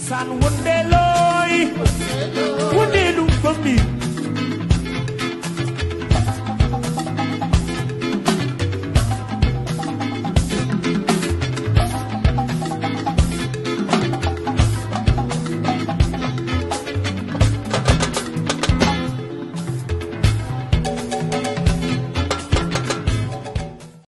praise and one day,